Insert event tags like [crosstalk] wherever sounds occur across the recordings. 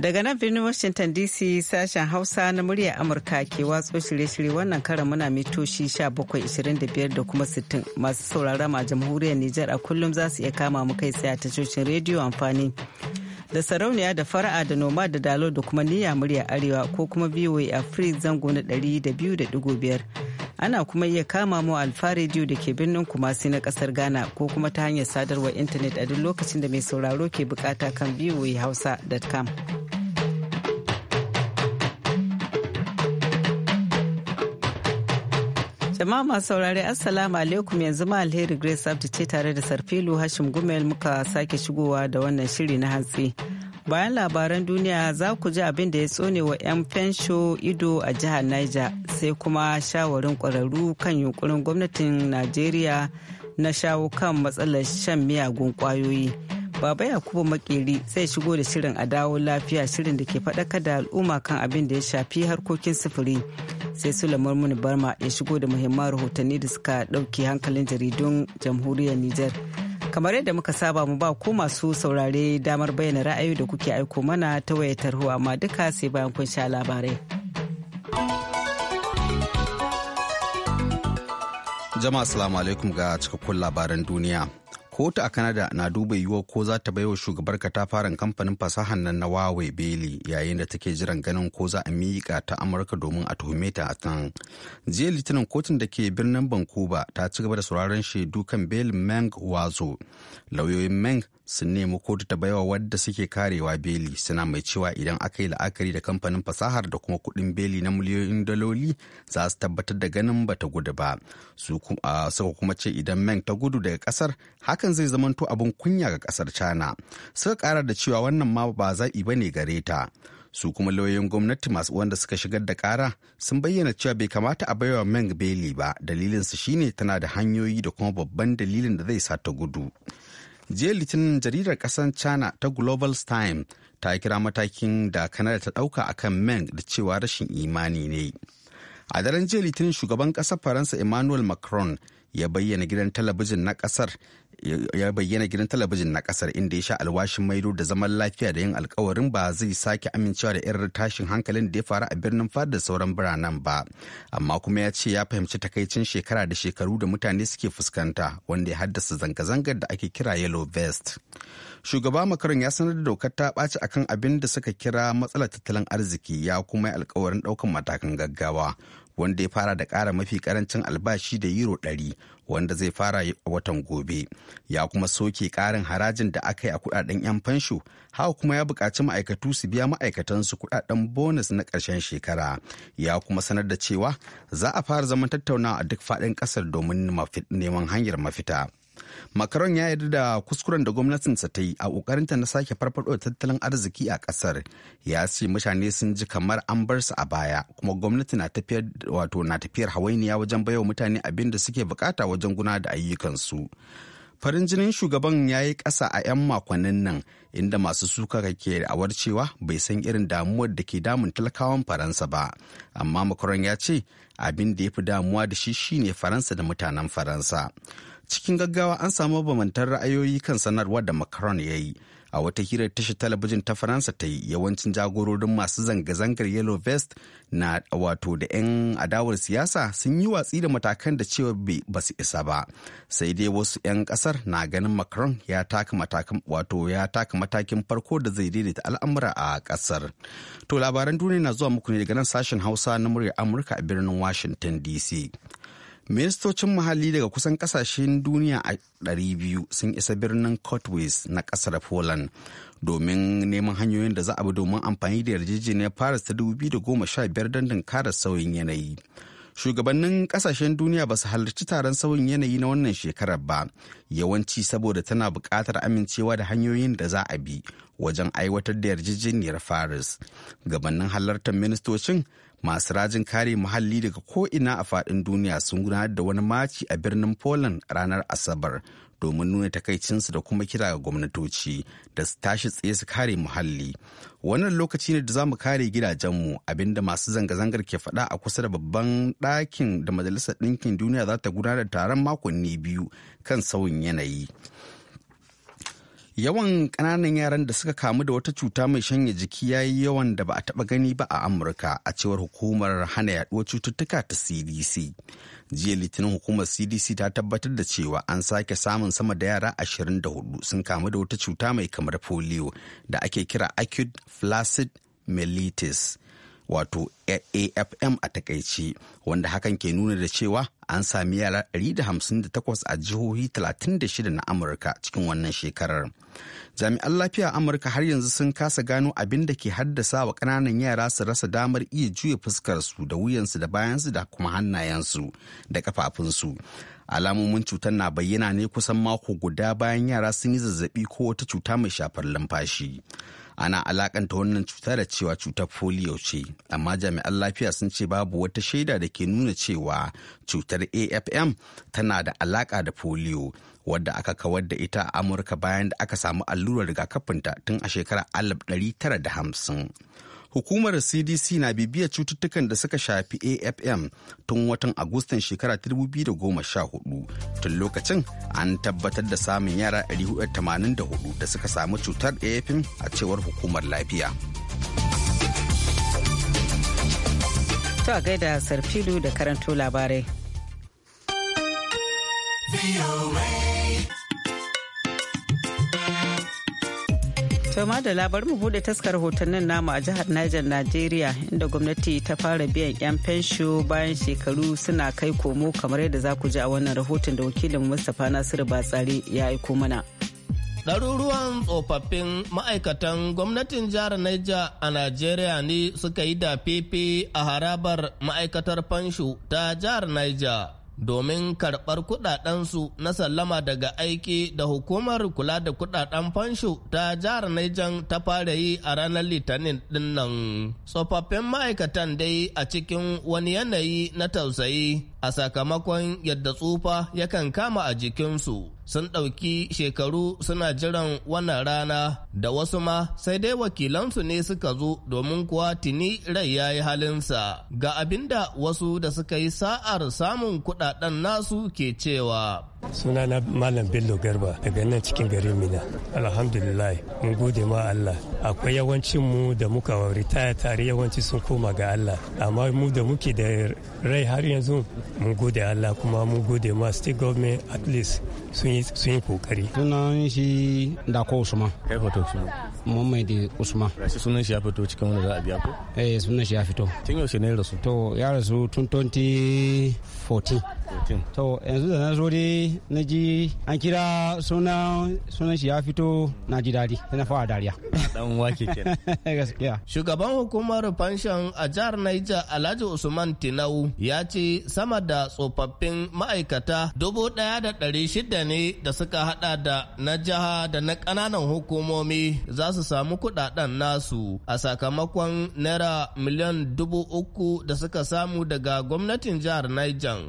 Daga nan birnin Washington DC sashen Hausa na murya Amurka ke watso shirye-shirye wannan karan muna mitoshi 1725 da kuma 60 masu sauraron a jamhuriyar Nijar a kullum za su iya kama mu kai tsaye a tashoshin rediyo amfani. Da sarauniya da fara'a da noma da dalo da kuma niyya murya arewa ko kuma VOA a free zango na 200.5. Ana kuma iya kama mu alfa rediyo da ke birnin Kumasi na kasar Ghana ko kuma ta hanyar sadarwar intanet a duk lokacin da mai sauraro ke bukata kan hausa.com. Jama'a masu saurare Assalamu alaikum yanzu ma alheri Grace Abdi ce tare da Sarfilu Hashim Gumel muka sake shigowa da wannan shiri na hantsi. Bayan labaran duniya za ku ji abin da ya tsone wa 'yan fensho ido a jihar Niger sai kuma shawarin kwararru kan yunkurin gwamnatin Najeriya na shawo kan matsalar shan miyagun ƙwayoyi. Baba Yakubu Makeri zai shigo da shirin a dawo lafiya shirin da ke faɗakar da al'umma kan abin da ya shafi harkokin sufuri. sai lamar Muni Barma ya shigo da muhimman rahotanni da suka ɗauke hankalin jaridun jamhuriyar Nijar. Kamar yadda muka saba mu ba ku masu saurare damar bayyana ra'ayi da kuke aiko mana ta wayar tarho amma duka sai bayan kun sha labarai. Jama'a salamu alaikum ga cikakkun labaran duniya. kotu a Canada na duba yiwuwa ko za ta baiwa shugabar katafaren kamfanin fasahan nan na Huawei beli yayin da take jiran ganin ko za a miƙa ta Amurka domin a tuhume ta a can. Jiya Litinin kotun da ke birnin Vancouver ta ci gaba da sauraron shaidu kan belin Meng Wazo. Lauyoyin Meng sun nemi kotu ta baiwa wadda suke karewa beli suna mai cewa idan aka yi la'akari da kamfanin fasahar da kuma kuɗin beli na miliyoyin daloli za su tabbatar da ganin bata gudu ba suka kuma ce idan meng ta gudu daga kasar hakan zai zamanto abin kunya ga kasar china suka kara da cewa wannan ma ba zaɓi ba ne gare ta su kuma lauyoyin gwamnati masu wanda suka shigar da kara sun bayyana cewa bai kamata a baiwa meng beli ba dalilinsu shine tana da hanyoyi da kuma babban dalilin da zai sa ta gudu jiya litinin jaridar kasar china ta global time ta kira matakin da kanada ta dauka akan meng da cewa rashin imani ne a daren jiya litinin shugaban kasar faransa emmanuel macron ya bayyana gidan talabijin na kasar ya bayyana gidan talabijin na kasar inda ya sha alwashin maido da zaman lafiya da yin alkawarin ba zai sake amincewa da irin tashin hankalin da ya faru a birnin fada da sauran biranen ba amma kuma ya ce ya fahimci takaicin shekara da shekaru da mutane suke fuskanta wanda ya haddasa zanga-zangar da ake kira yellow vest shugaba makaron ya sanar da dokar ta ɓaci akan abin da suka kira matsalar tattalin arziki ya kuma yi alkawarin ɗaukan matakan gaggawa wanda ya fara da ƙara mafi karancin albashi da euro 100 wanda zai fara a watan gobe ya kuma soke ƙarin harajin da aka yi a kudaden 'yan fansho hawa kuma ya buƙaci ma'aikatu su biya ma'aikatansu kudaden bonus na ƙarshen shekara ya kuma sanar da cewa za a fara zaman tattaunawa a duk faɗin ƙasar domin neman hanyar mafita Macron ya yarda da kuskuren da gwamnatinsa ta yi a ƙoƙarinta na sake farfaɗo tattalin arziki a ƙasar. Ya ce mutane sun ji kamar an bar su a baya kuma gwamnati na tafiyar wato na tafiyar hawainiya wajen baiwa mutane abin da suke bukata wajen guna da ayyukansu. Farin jinin shugaban ya yi ƙasa a 'yan makonnin nan inda masu suka ke awar cewa bai san irin damuwar da ke damun talakawan Faransa ba. Amma Macron ya ce abin da ya fi damuwa da shi shine Faransa da mutanen Faransa. cikin gaggawa an samu bamantar ra'ayoyi kan sanarwar da macron ya yi a wata hirar tashar talabijin ta faransa ta yi yawancin jagororin masu zanga-zangar yellow vest na wato da 'yan adawar siyasa sun yi watsi da matakan da cewa ba su isa ba sai dai wasu 'yan kasar na ganin macron ya taka matakan wato ya taka matakin farko da zai daidaita al'amura a kasar to labaran duniya na zuwa muku ne daga nan sashen hausa na muryar amurka a birnin washington dc ministocin muhalli daga kusan kasashen duniya a ɗari biyu. sun isa birnin Kotwis na ƙasar poland domin neman hanyoyin da za a bi domin amfani da yarjejeniyar paris ta 2015 don dinkara sauyin yanayi shugabannin ƙasashen duniya ba su halarci taron sauyin yanayi na wannan shekarar ba yawanci saboda tana buƙatar amincewa da hanyoyin da za a bi wajen aiwatar da yarjejeniyar paris gabanin halartar ministocin masu rajin kare muhalli daga ko'ina a faɗin duniya sun gudanar da wani maci a birnin poland ranar asabar domin nuna takaicinsu da kuma kira ga gwamnatoci da su tashi tsaye su kare muhalli wannan lokaci ne da za mu kare gidajenmu abinda masu zanga-zangar ke faɗa a kusa da babban ɗakin da majalisar ɗinkin duniya za ta gudanar da taron makonni biyu kan sauyin yanayi yawan ƙananan yaran da suka kamu da wata cuta mai shanya jiki ya yi yawan da ba a taɓa gani ba a amurka a cewar hukumar hana yaduwar cututtuka ta cdc jiya litinin hukumar cdc ta tabbatar da cewa an sake samun sama da yara 24 sun kamu da wata cuta mai kamar polio da ake kira acute flaccid mellitus wato afm a takaici wanda hakan ke nuna da cewa an sami yara 158 a jihohi 36 na Amurka cikin wannan shekarar. Jami'an lafiya Amurka har yanzu sun kasa gano abin da ke haddasa wa kananan yara su rasa damar iya juya fuskar su da wuyansu da bayansu da kuma hannayensu da kafafunsu. Alamomin cutar na bayyana ne kusan mako guda bayan yara sun yi zazzabi ko wata cuta mai shafar numfashi. ana alakanta wannan cuta da cewa cutar polio ce amma jami'an lafiya sun ce babu wata shaida da ke nuna cewa cutar afm tana da alaka da polio wadda aka kawar da ita a amurka bayan da aka samu allurar rigakafinta tun a shekarar 1950 Hukumar CDC na bibiya cututtukan da suka shafi AFM tun watan Agustan shekara 2014. Tun lokacin an tabbatar da samun yara 484 da suka samu cutar AFM a cewar hukumar lafiya. Ta gaida Sarfilu da karanto labarai. To da labar mu bude taskar nan namu a jihar Niger Najeriya inda gwamnati ta fara biyan 'yan fensho bayan shekaru suna kai komo kamar yadda za ku ji a wannan rahoton da wakilin Mustapha Nasiru Batsari ya aiko mana. Ɗaruruwan tsofaffin ma'aikatan gwamnatin jihar Niger a Najeriya ne suka yi da fefe a harabar ma'aikatar fansho ta jihar Niger. domin karɓar kudadensu na sallama daga aiki da hukumar kula da kudaden fansho ta jihar Niger ta fara yi a ranar Litinin dinnan. Tsofaffin ma'aikatan dai a cikin wani yanayi na tausayi a sakamakon yadda tsufa yakan kama a jikinsu. sun ɗauki shekaru suna jiran wannan rana da wasu ma sai dai wakilansu ne suka zo domin kuwa tuni rai ya yi halinsa ga abinda wasu da suka yi sa'ar samun kuɗaɗen nasu ke cewa. sunana malam bello garba daga nan cikin garin mina alhamdulillah mun gode ma allah akwai yawancin mu da muka ritaya tare yawanci sun koma ga allah amma mu da muke da rai har yanzu mun gode allah kuma mun gode ma state government at least sun sun yi kokari sunan shi da ko usman kai hoto usman muhammad usman shi sunan shi ya fito cikin wani za a biya ko eh sunan shi ya fito tun yaushe ne rasu to ya rasu tun 2014 mutum to yanzu da na zo dai na ji an kira sunan shi ya fito na ji dadi na fara dariya dan wake kenan [laughs] gaskiya shugaban hukumar fanshon a jihar Niger Alhaji Usman Tinau ya ce sama da tsofaffin ma'aikata dubu ɗaya da ɗari shida ne da suka haɗa da na jiha da na ƙananan hukumomi za su samu kuɗaɗen nasu a sakamakon naira miliyan dubu uku da suka samu daga gwamnatin jihar Niger.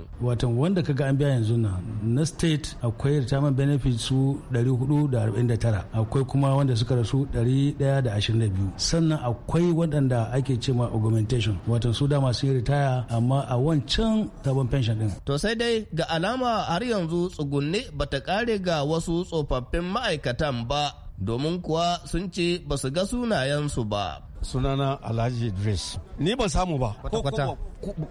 kan wanda kaga an biya yanzu na na state akwai retirement benefit su 449 akwai kuma wanda suka rasu 122 sannan akwai waɗanda ake ce ma augmentation wato su dama sun ritaya amma a wancan sabon pension din to sai dai ga alama har yanzu tsugunne bata kare ga wasu tsofaffin ma'aikatan ba domin kuwa sun ce ba su ga sunayensu ba. Sunana Alhaji Idris. Ni ba samu ba. Kwata-kwata.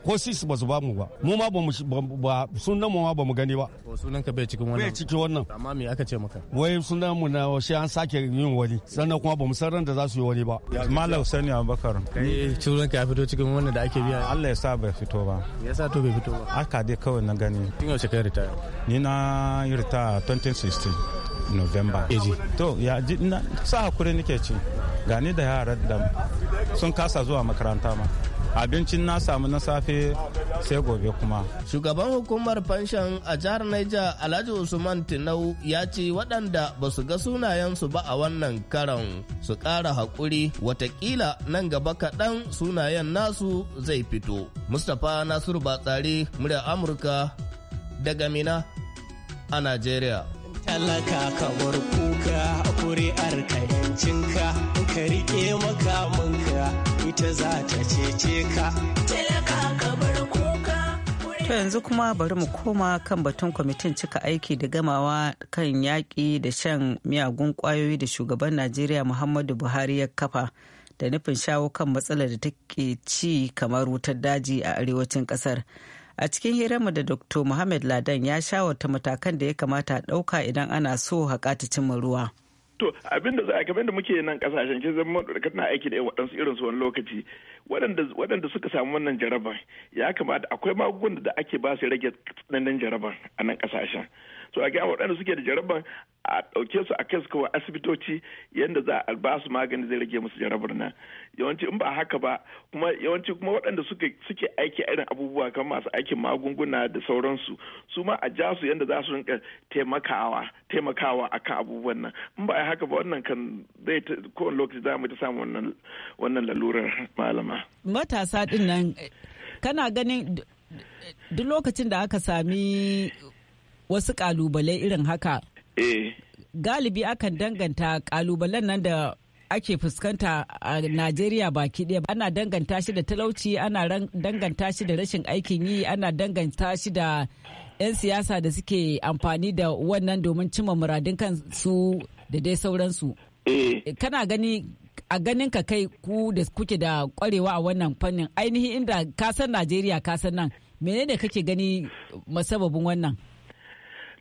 Ko sis ba su ba mu ba. Mu ma ba ba sunan mu ma ba mu gani ba. Ko sunan ka bai cikin wannan. Bai cikin wannan. Amma me aka ce maka? Wai sunan mu na shi an sake yin wani. Sannan kuma ba mu san da za su yi wani ba. Malam Sani Abubakar. Kai sunan ka ya fito cikin wannan da ake biya. Allah ya sa bai fito ba. Ya sa to bai fito ba. Aka dai kawai na gani. Tun yau kai ta. Ni na yi ritaya 2016. november eji to ya ji na sa hakuri nake ci gani da yara da sun kasa zuwa makaranta ma abincin na samu na safe sai gobe kuma. Shugaban hukumar fanshan a jihar Niger Alhaji Usman Tinau ya ce waɗanda ba su ga sunayensu ba a wannan karan su ƙara haƙuri watakila nan gaba kaɗan sunayen nasu zai fito. Mustapha Nasiru Batsari, murya Amurka daga Mina a Najeriya. talaka ka bar kuka kuri'ar ka yancinka ka rike makamanka ita za ta cece ka talaka ka bar kuka to yanzu kuma bari mu koma kan batun kwamitin cika aiki da gamawa kan yaƙi da shan miyagun ƙwayoyi da shugaban najeriya muhammadu buhari ya kafa da nufin shawo kan matsalar da take ci kamar wutar daji a arewacin ƙasar. a cikin hiranmu da dr muhammad ladan ya shawarta matakan da ya kamata a ɗauka idan ana so haƙa ta cimma ruwa to abin da za a kamar da muke nan kasashen ke zama da na aiki da yan waɗansu irin su wani lokaci waɗanda suka samu wannan jaraban ya kamata akwai magungunan da ake ba su rage tsananin jaraban a nan kasashen so a ga waɗanda suke da jarabar a ɗauke su a kai su kawai asibitoci yadda za a ba su magani zai rage musu jarabar nan yawanci in ba haka ba kuma yawanci kuma waɗanda suke suke aiki irin abubuwa kan masu aikin magunguna da sauransu su ma a ja su yadda za su rinka taimakawa taimakawa akan abubuwan nan in ba haka ba wannan kan zai kowane lokaci za mu ta samu wannan wannan lalurar malama matasa din nan kana ganin duk lokacin da aka sami wasu kalubale irin haka eh. galibi akan danganta kalubalen nan da ake fuskanta a Najeriya baki ɗaya ana danganta shi da talauci ana danganta shi da rashin aikin yi ana danganta shi da 'yan siyasa da suke amfani da wannan domin cimma muradin kansu da dai sauransu. Eh. Kana gani a ganin ka kai ku da kuke da kwarewa a wannan fannin ainihin inda kasan Najeriya kasan nan menene kake gani masababin wannan?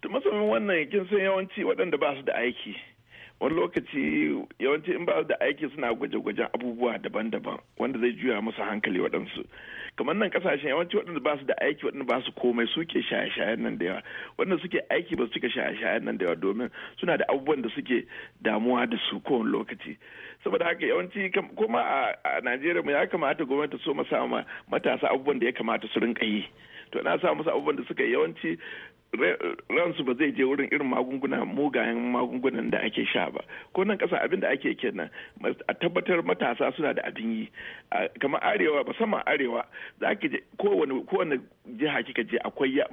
to masomin wannan kin san yawanci waɗanda ba su da aiki wani lokaci yawanci in ba su da aiki suna gwaje-gwajen abubuwa daban-daban wanda zai juya musu hankali waɗansu kamar nan kasashen yawanci waɗanda ba su da aiki waɗanda ba su komai suke shaye-shayen nan da yawa waɗanda suke aiki ba su cika shaye-shayen nan da yawa domin suna da abubuwan da suke damuwa da su kowane lokaci saboda haka yawanci kuma a najeriya mu ya kamata gwamnati so masa matasa abubuwan da ya kamata su rinka yi to na sa musu abubuwan da suka yawanci ransu ba zai je wurin irin magunguna mugayen magungunan da ake sha ba ko nan kasa abin da ake kenan a tabbatar matasa suna da abin yi kamar arewa musamman arewa za ki je kowane kowane jiha kika je akwai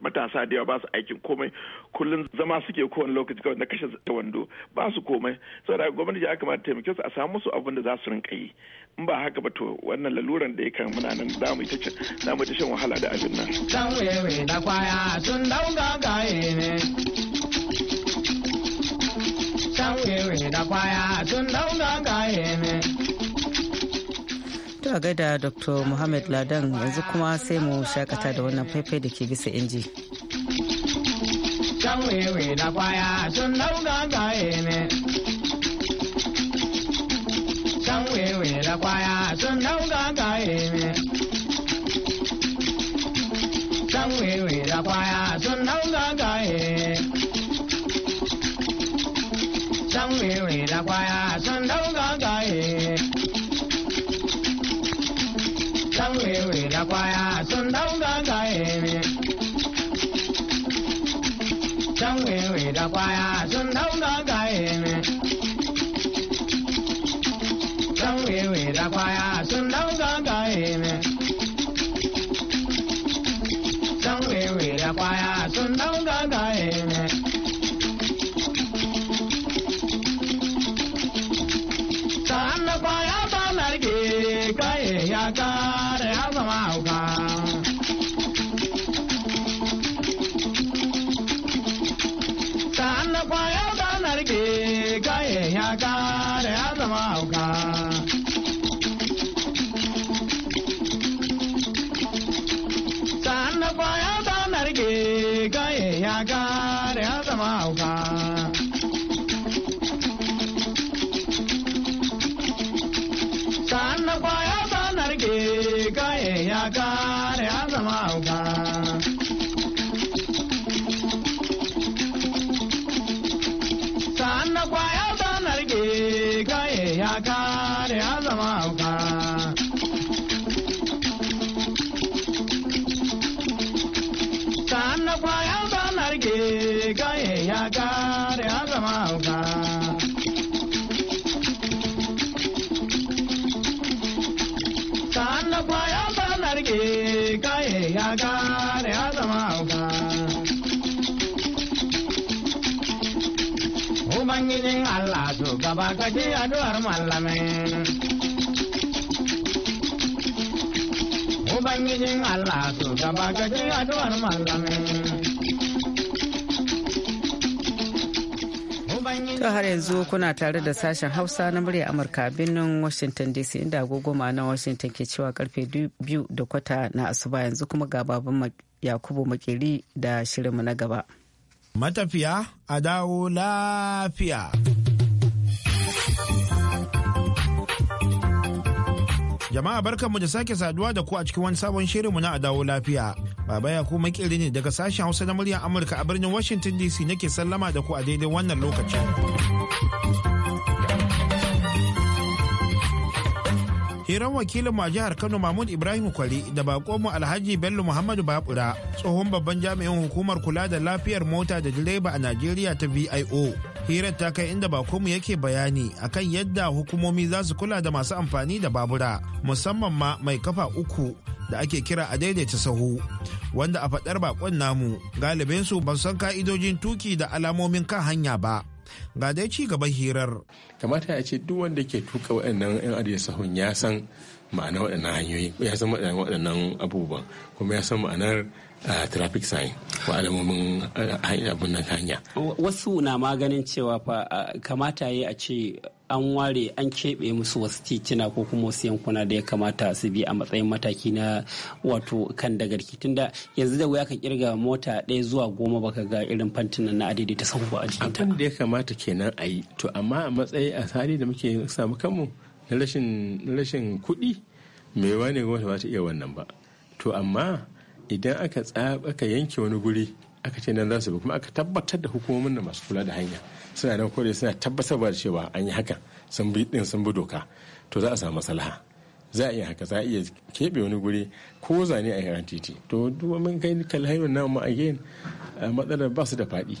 matasa da yawa ba su aikin komai kullum zama suke kowane lokaci kawai na kashe wando ba su komai saboda gwamnati ya kamata taimake su a samu su abin da za su rinka yi in ba haka ba to wannan laluran da yakan muna nan za mu ta shan wahala da abin nan. Dan wewe da kwaya sun dauga gaye ne. wewe da kwaya sun dauga gaye ne. a gaida dr muhammad ladan yanzu kuma sai mu shakata da wannan faifai da ke bisa inji Can wewe da kwaya sun dauga gaye ne. wewe da kwaya sun dau gagaye me. wewe da kwaya sun dau gagaye. Dan wewe da kwaya sun dau gagaye. wewe da kwaya sun wewe da kwaya da kwaya ta kaye ya kare ya zama hauka. Sa'an na kwaya ta narke kaye ya ka ji mallamin. Ubangijin Allah su gaba ka ji mallamin. To har yanzu kuna tare da sashen Hausa na murya Amurka birnin Washington DC inda ma na Washington ke cewa karfe biyu da kwata na asuba yanzu kuma ga baban Yakubu Makeri da shirinmu na gaba. Matafiya a dawo lafiya. Jama'a barkan mu da sake saduwa da ku a cikin wani sabon shirin mu na dawo lafiya. Baba ya kuma kiri ne daga sashen Hausa na muryar Amurka a birnin Washington DC nake sallama da ku a daidai wannan lokacin. hiran wakilin ma jihar kano mahmud ibrahim kwari da mu alhaji bello muhammadu babura tsohon babban jami'in hukumar kula da lafiyar mota da direba a najeriya ta vio hirar ta kai inda mu yake bayani akan yadda hukumomi za su kula da masu amfani da babura musamman ma mai kafa uku da ake kira a daidaita sahu wanda a faɗar bakon namu galibinsu ban san ka'idojin tuki da alamomin kan hanya ba ga dai ci gaban hirar kamata ya ce duk wanda ke tuka waɗannan yan arewa sahun ya san ma'ana waɗannan hanyoyi ya san ma'ana waɗannan abubuwan kuma ya san ma'anar traffic sign wa alamomin abin nan hanya. Wasu na maganin cewa fa kamata yi a ce an ware an keɓe musu wasu titina ko kuma wasu yankuna da ya kamata su bi a matsayin mataki na wato kan dagarki da yanzu da wuya ka kirga mota ɗaya zuwa goma baka ga irin fantinan na adadi ta sahu a jikinta abin da ya kamata kenan a yi to amma a matsayi a hali da muke samu kanmu na rashin kuɗi me wane gwamnati ba ta iya wannan ba to amma idan aka tsaba aka yanke wani guri aka ce nan za su bi kuma aka tabbatar da hukumomin da masu kula da hanya suna nan kodai suna tabbatar da cewa an yi hakan sun bi din sun bi doka to za a samu maslaha za a iya haka za a iya keɓe wani guri ko zane a yaran titi to duk mun kai kalli hanyar na mu again matsalar ba su da faɗi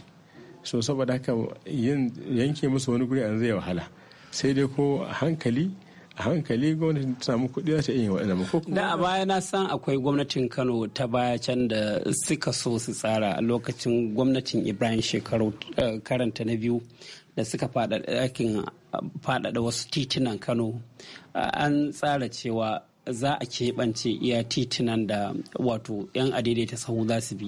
so saboda haka yanke musu wani guri an zai wahala sai dai ko hankali a hankali gwamnati ta samu kuɗi za ta iya waɗannan ko da a baya na san akwai gwamnatin Kano ta baya can da suka so su tsara a lokacin gwamnatin Ibrahim shekaru eh, karanta na biyu da suka faɗaɗa wasu titunan Kano an tsara cewa za a keɓance iya titunan da wato 'yan ta sahu za su bi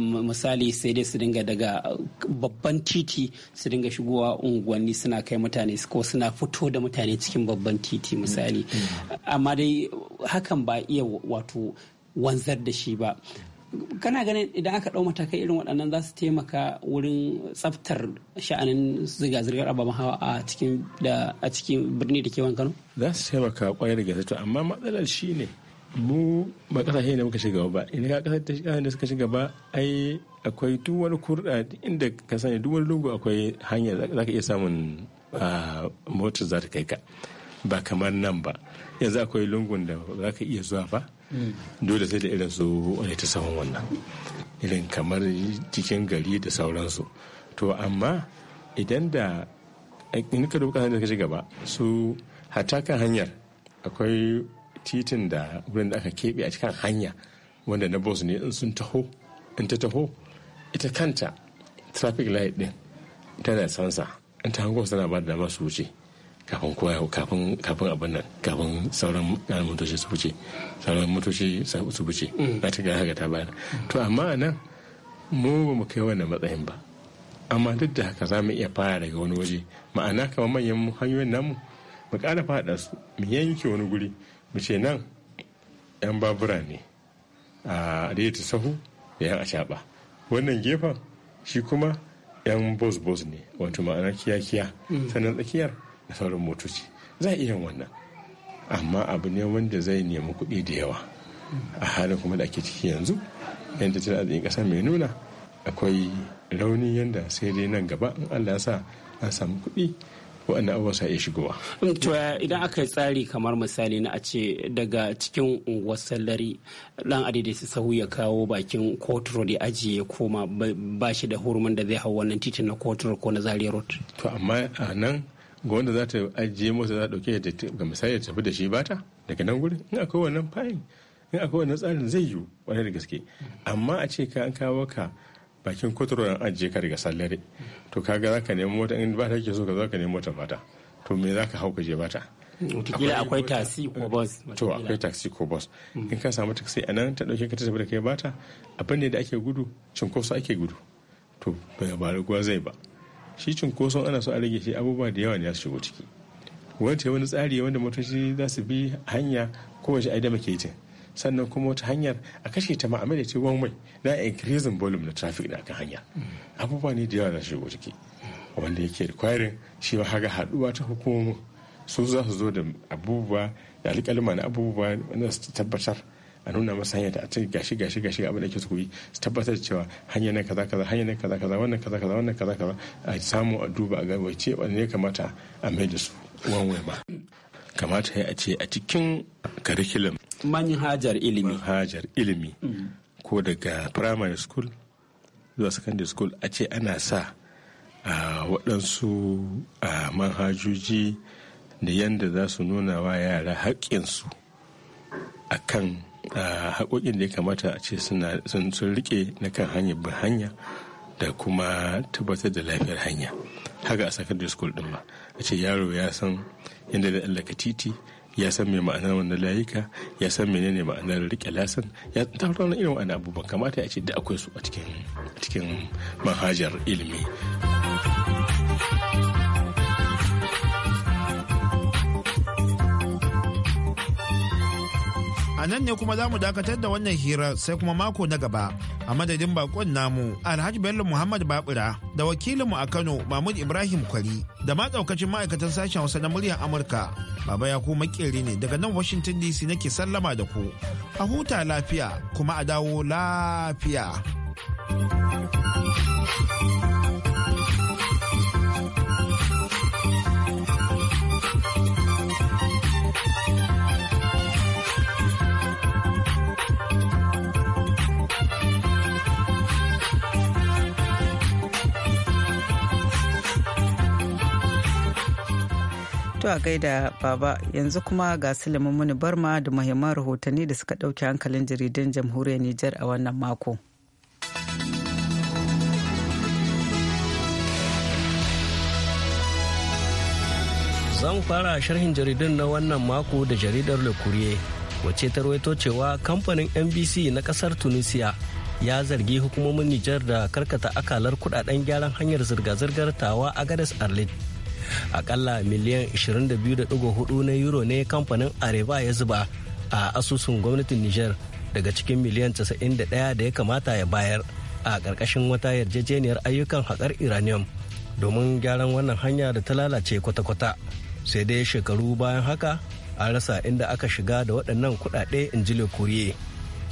misali sai dai su dinga daga uh, babban titi su dinga shigowa unguwanni suna kai mutane ko suna fito da mutane cikin babban titi misali mm, mm. amma dai hakan ba iya wato wanzar da shi ba kana ganin idan aka ɗau matakai irin waɗannan za su taimaka wurin tsaftar sha'anin zirga-zirgar ababen hawa a cikin da a cikin birni da kewan kano za su taimaka kwayar da gaske amma matsalar shi ne mu ba kasashe ne muka shiga ba idan ka kasashe da suka shiga ba ai akwai duk wani kurɗa inda ka sani duk wani lungu akwai hanya za ka iya samun motar za ta kai ka ba kamar nan ba yanzu akwai lungun da za ka iya zuwa ba dole sai da irin su ne ta samun wannan irin kamar cikin gari da sauransu to amma idan da in ka duka hanyar ka gaba su hata kan hanyar akwai titin da wurin da aka keɓe a cikin hanya wanda na bus ne in sun taho in ta taho ita kanta traffic light din tana sansa in ta hango tana ba da dama su wuce kafin koyawa kafin kafin abin nan kafin sauran ƙanan eh, motoci su wuce sauran motoci su wuce na mm. ta gaya haka ta bayar to amma a nan mu ba mu kai wannan matsayin ba amma duk da haka za mu iya fara daga wani waje ma'ana kamar manyan hanyoyin namu mu ƙara faɗa su mu yanke wani guri mu ce nan yan babura ne a reta sahu da yan acaɓa wannan gefen shi kuma yan bos bos ne wato ma'ana kiyakiya. kiya mm. sannan tsakiyar da sauran motoci za a iya wannan amma abu ne wanda zai nemi kuɗi da yawa a halin kuma da ake ciki yanzu yan tattalin arzikin ƙasa mai nuna akwai rauni yadda sai dai nan gaba in allah sa an samu kuɗi wa'anda abuwa sa iya shigowa. to idan aka yi tsari kamar misali na a ce daga cikin unguwar sallari dan adaidaita sahu ya kawo bakin kotoro da ajiye ya koma ba shi da hurumin da zai hau wannan titin na kotoro ko na zaria road. to amma a nan ga wanda za ta ajiye mota za ta dauke ga misali tafi da shi bata daga nan gurin in akwai wannan fayin in akwai wannan tsarin zai yiwu wani da gaske amma a ce ka an kawo ka bakin koturo an ajiye ka daga sallare to kaga za ka nemi mota in bata ke so ka za ka nemi mota bata to me za ka hau ka je bata wataƙila akwai taxi ko bus to akwai taxi ko bus in ka samu taxi a nan ta ɗauke ka ta tafi da kai bata abin ne da ake gudu cinkoso ake gudu to ba da zai ba shi cunkoson ana so a rage shi abubuwa da yawa ne su shigo ciki wata wani tsari wanda motoci za su bi hanya kowace aida maketin sannan kuma wata hanyar a kashe ta ma'amala da ce wani mai na increasing volume na traffic da kan hanya abubuwa ne da yawa za su shigo ciki wanda yake requiring shi ma haga haduwa ta hukumomi su za su zo da abubuwa da alƙalima na abubuwa na tabbatar a nuna masa hanya ta cikin gashi gashi gashi abin da ke su koyi su tabbatar cewa hanya ne kaza kaza hanya ne kaza kaza wannan kaza kaza wannan kaza kaza a samu a duba a ga wace ne kamata a mai da su wanwai ma. kamata ya ce a cikin curriculum manhajar ilimi manhajar ilimi mm-hmm. ko daga primary school zuwa secondary school a ce ana sa waɗansu manhajoji da yadda za su nuna wa yara haƙƙinsu a kan haƙoƙin da ya kamata a ce sun rike na kan hanyar bin hanya da kuma tabbatar da lafiyar hanya haka a secondary school din ma a ce yaro ya san yadda da allaka titi ya san mai ma'ana wannan layuka ya san menene ma'anar rike lasan ya tafi wani irin wani abubuwan kamata ya ce da akwai su a cikin manhajar ilimi. A nan ne kuma za mu dakatar da wannan hirar sai kuma mako na gaba a madadin bakon namu Alhaji Bello Muhammad Babura da wakilinmu a Kano Mahmud Ibrahim Kwari da ma daukacin ma'aikatan sashen Hausa na muryar Amurka. Baba ya kuma makeri ne daga nan Washington DC nake sallama da ku. A huta lafiya kuma a dawo lafiya. thank To a gaida baba yanzu kuma ga Sulaiman Barma da muhimman rahotanni da suka ɗauki hankalin jaridan jamhuriyar Nijar a wannan mako. Zan fara sharhin jaridun na wannan mako da jaridar Le Courrier wacce ta rawaito cewa kamfanin NBC na kasar Tunisia ya zargi hukumomin Nijar da karkata akalar kudaden gyaran hanyar zirga-zirgar tawa a gadas Arlit akalla miliyan 22.4 na euro ne kamfanin areva ya zuba a asusun gwamnatin niger daga cikin miliyan 91 da ya kamata ya bayar a ƙarƙashin wata yarjejeniyar ayyukan haƙar uranium domin gyaran wannan hanya da ta lalace kwata-kwata sai dai shekaru bayan haka an rasa inda aka shiga da waɗannan kuɗaɗe in ji le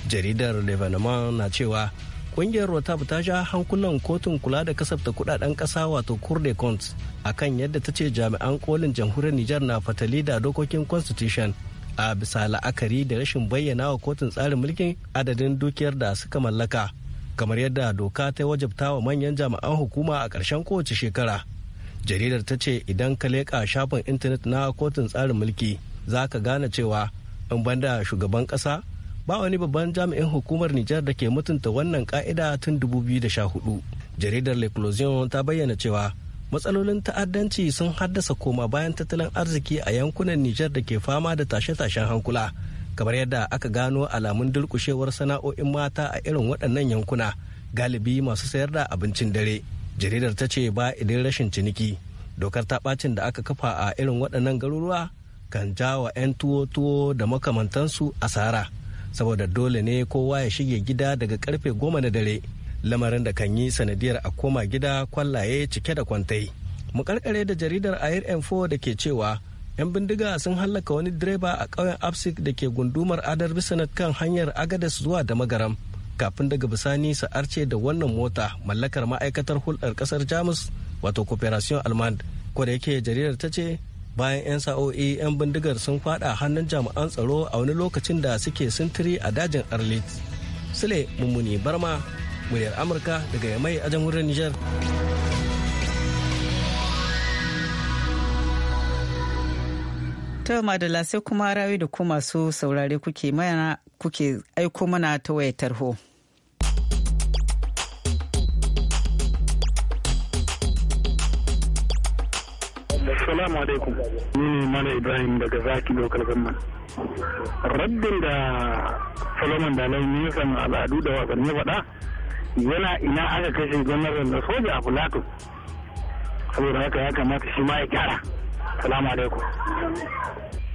jaridar lebanon na cewa Ƙungiyar Rotab ta sha hankulan kotun kula da kasafta kudaden kasa wato Kurde Cons a kan yadda ta ce jami'an kolin jamhuriyar Nijar na fatali da dokokin Constitution a bisa la'akari da rashin bayyana wa kotun tsarin mulkin adadin dukiyar da suka mallaka kamar yadda doka ta wajabta wa manyan jami'an hukuma a ƙarshen kowace shekara. Jaridar ta ce idan ka leƙa shafin intanet na kotun tsarin mulki za ka gane cewa in banda shugaban ƙasa ba wani babban jami'in hukumar Nijar da ke mutunta wannan ka'ida tun 2014. Jaridar L'Eclosion ta bayyana cewa matsalolin ta'addanci sun haddasa koma bayan tattalin arziki a yankunan Nijar da ke fama da tashe-tashen hankula, kamar yadda aka gano alamun durkushewar sana'o'in mata a irin waɗannan yankuna, galibi masu sayar da abincin dare. Jaridar ta ce ba idan rashin ciniki, dokar ta ɓacin da aka kafa a irin waɗannan garuruwa kan jawa 'yan tuwo-tuwo da makamantansu asara. saboda dole ne kowa ya shige gida daga karfe goma na dare lamarin da kan yi sanadiyar a koma gida kwallaye cike da kwantai mu karkare da jaridar air m4 da ke cewa 'yan bindiga sun hallaka wani direba a ƙauyen apsik da ke gundumar adar bisanat kan hanyar agadas zuwa da magaram kafin daga bisani su arce da wannan mota mallakar ma'aikatar hulɗar ƙasar jamus wato cooperation almand ko da yake jaridar ta ce bayan 'yan sa'o'i 'yan bindigar sun fada hannun jami'an tsaro a wani lokacin da suke sintiri a dajin arlit sule mummuni barma muryar amurka daga yamai a jamhuriyar niger ta madala sai kuma rawi da ku masu saurare kuke aiko mana ta wayar tarho. Assalamu alaikum. Ni ne Mala Ibrahim daga Zaki lokal Government. Rabbin da Solomon da Dalai Nisan al'adu da wasanni faɗa yana ina aka kashe gwamnatin da soja a Bulato. Saboda haka ya kamata shi ma ya kyara. Assalamu alaikum.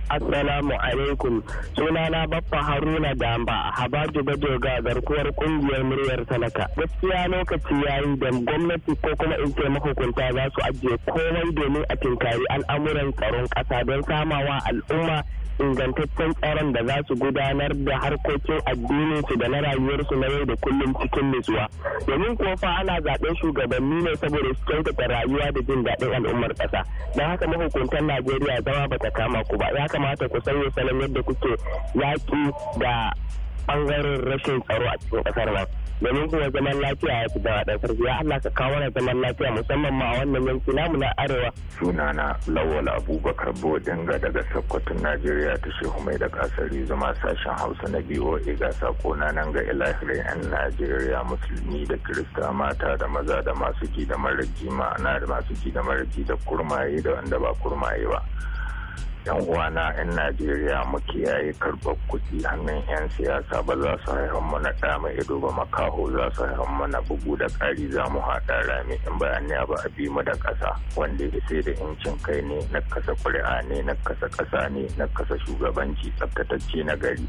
Assalamu alaikum sunana Baffa Haruna Gamba Habaju Bajoga garkuwar kungiyar muryar talaka. Gaskiya lokaci yayi da gwamnati ko kuma in ce mahukunta za su ajiye komai domin a tinkari al'amuran tsaron kasa don samawa al'umma ingantaccen tsaron da za su gudanar da harkokin addininsu da na rayuwarsu na yau da kullum cikin nutsuwa domin kuwa fa ana zaɓen shugabanni ne saboda su kyautata rayuwa da jin daɗin al'ummar ƙasa don haka mahukuntan najeriya zama bata kama ku ba kamata ku sanya salon yadda kuke yaƙi da bangaren rashin tsaro a cikin kasar nan domin kuma zaman lafiya ya fi dawa ɗan sarki ya Allah ka kawo na zaman lafiya musamman ma a wannan yanki namu na arewa. sunana lawal abubakar bodinga daga sokoton najeriya ta shehu mai da kasari zama sashen hausa na boa ga sako na nan ga ilahirai yan najeriya musulmi da kirista mata da maza da masu ji da jima ma'ana da masu ji da ji da kurmaye da wanda ba kurmaye ba. yan uwana yan najeriya mu kiyaye karɓar kuɗi hannun yan siyasa ba za su haihun mana ɗa mai ido ba makaho za su haihun mana bugu da ƙari za mu haɗa rami in bayaniya ba a bi mu da ƙasa wanda ya sai da incin kai ne na kasa ƙuri'a ne na kasa ƙasa ne na kasa shugabanci tsabtatacce na gari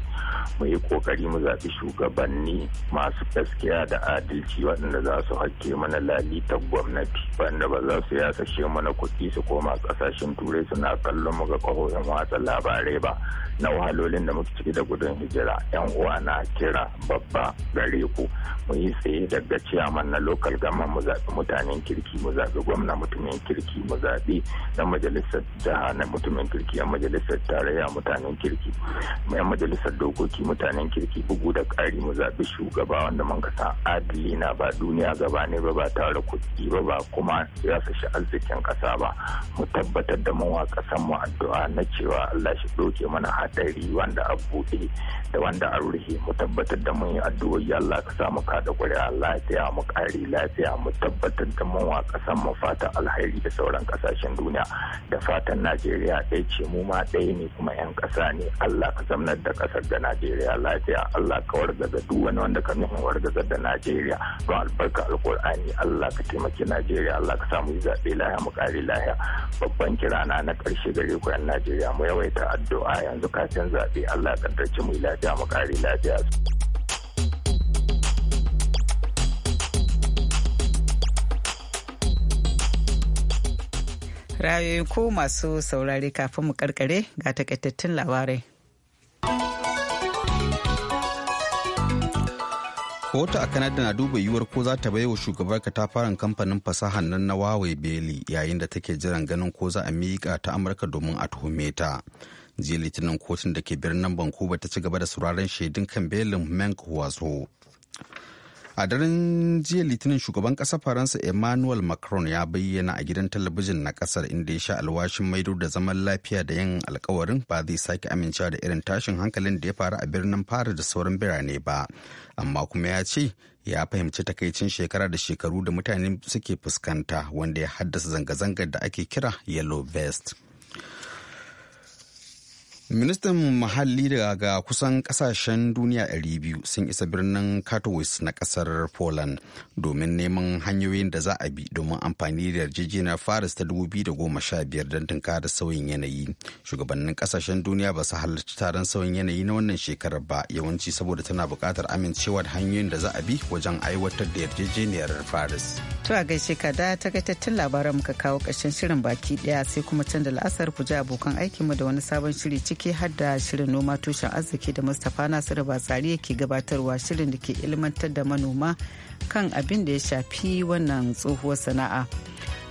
mu yi ƙoƙari mu zaɓi shugabanni masu gaskiya da adalci waɗanda za su hakke mana lalitar gwamnati wanda ba za su yasashe mana kuɗi su koma ƙasashen turai suna kallon mu ga ƙaho zama watsa labarai ba na wahalolin da muke ciki da gudun hijira yan uwa na kira babba gare ku mu yi tsaye daga ciyaman na lokal gama mu zaɓi mutanen kirki mu zaɓi gwamna mutumin kirki mu zaɓi na majalisar jiha na mutumin kirki yan majalisar tarayya mutanen kirki yan majalisar dokoki mutanen kirki bugu da ƙari mu zaɓi shugaba wanda mun ka adili na ba duniya gaba ne ba ba tare kuɗi ba ba kuma ya shi arzikin ƙasa ba mu tabbatar da mun ƙasar mu addu'a na cewa Allah shi ɗauke mana hadari wanda a buɗe da wanda a rufe mu tabbatar da mun yi addu'o'i Allah ka samu kada ƙuri'a lafiya mu ƙari lafiya mu tabbatar da mun wa ƙasar mu fatan alheri da sauran ƙasashen duniya da fatan Najeriya ɗaya ce mu ma ɗaya ne kuma 'yan ƙasa ne Allah ka zamnar da ƙasar da Najeriya lafiya Allah ka wargaza duk wani wanda ka nuna wargaza da Najeriya don albarka alƙur'ani Allah ka taimaki Najeriya Allah ka samu yi zaɓe lahiya mu ƙari lahiya babban kirana na ƙarshe gare ku 'yan Najeriya mu yawaita addu'a yanzu kafin zaɓe Allah kaddarci mu lafiya mu kare lafiya. Rayoyi ko masu saurare kafin mu karkare ga takaitattun labarai. kota a kanada na duba yiwuwar ko za ta baiwa shugabar fara kamfanin fasahar nan na Huawei Beli yayin da take jiran ganin ko za a miƙa ta Amurka domin a tuhume ta. Jiya Litinin kotun da ke birnin Vancouver ta ci gaba da sauraron shaidun kan belin Meng a daren jiya litinin shugaban ƙasar faransa emmanuel macron ya bayyana a gidan talabijin na ƙasar inda ya sha alwashin maido da zaman lafiya da yin alkawarin ba zai sake amincewa da irin tashin hankalin da ya faru a birnin paris da sauran birane ba amma kuma ya ce ya fahimci takaicin shekara da shekaru da mutane suke fuskanta wanda ya haddasa zanga-zangar da ake kira yellow vest Ministan muhalli daga kusan kasashen duniya 200 sun isa birnin Katowice na kasar Poland domin neman hanyoyin da za a bi domin amfani da yarjejeniyar faris ta 2015 don tunka sauyin yanayi. Shugabannin kasashen duniya ba su halarci taron sauyin yanayi na wannan shekarar ba yawanci saboda tana buƙatar amincewar hanyoyin da za a bi wajen aiwatar da yarjejeniyar faris. To a gaishe ka da takaitattun labaran muka kawo ƙarshen shirin baki ɗaya sai kuma canza la'asar ku ji abokan aikinmu da wani sabon shiri ke har da shirin noma tushen arziki da mustapha nasiru batsari ke gabatarwa shirin da ke ilmantar da manoma kan abin da ya shafi wannan tsohuwar sana'a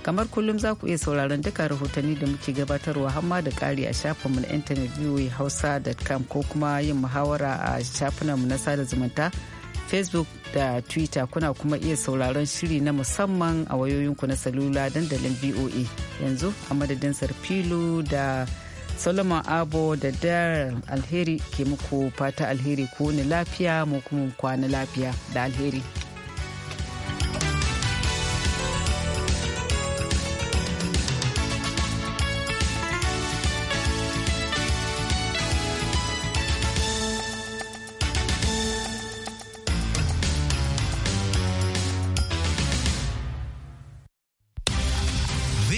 kamar kullum za ku iya sauraron duka rahotanni da muke gabatarwa hamma da kari a shafinmu na intanet voa hausa.com ko kuma yin muhawara a shafinmu na sada zumunta facebook da twitter kuna kuma iya sauraron shiri na musamman a wayoyinku na salula dandalin voa yanzu a madadin sarfilu da solomon abo da dar alheri ke muku fata alheri ku ni lafiya mu kuma kwana lafiya da alheri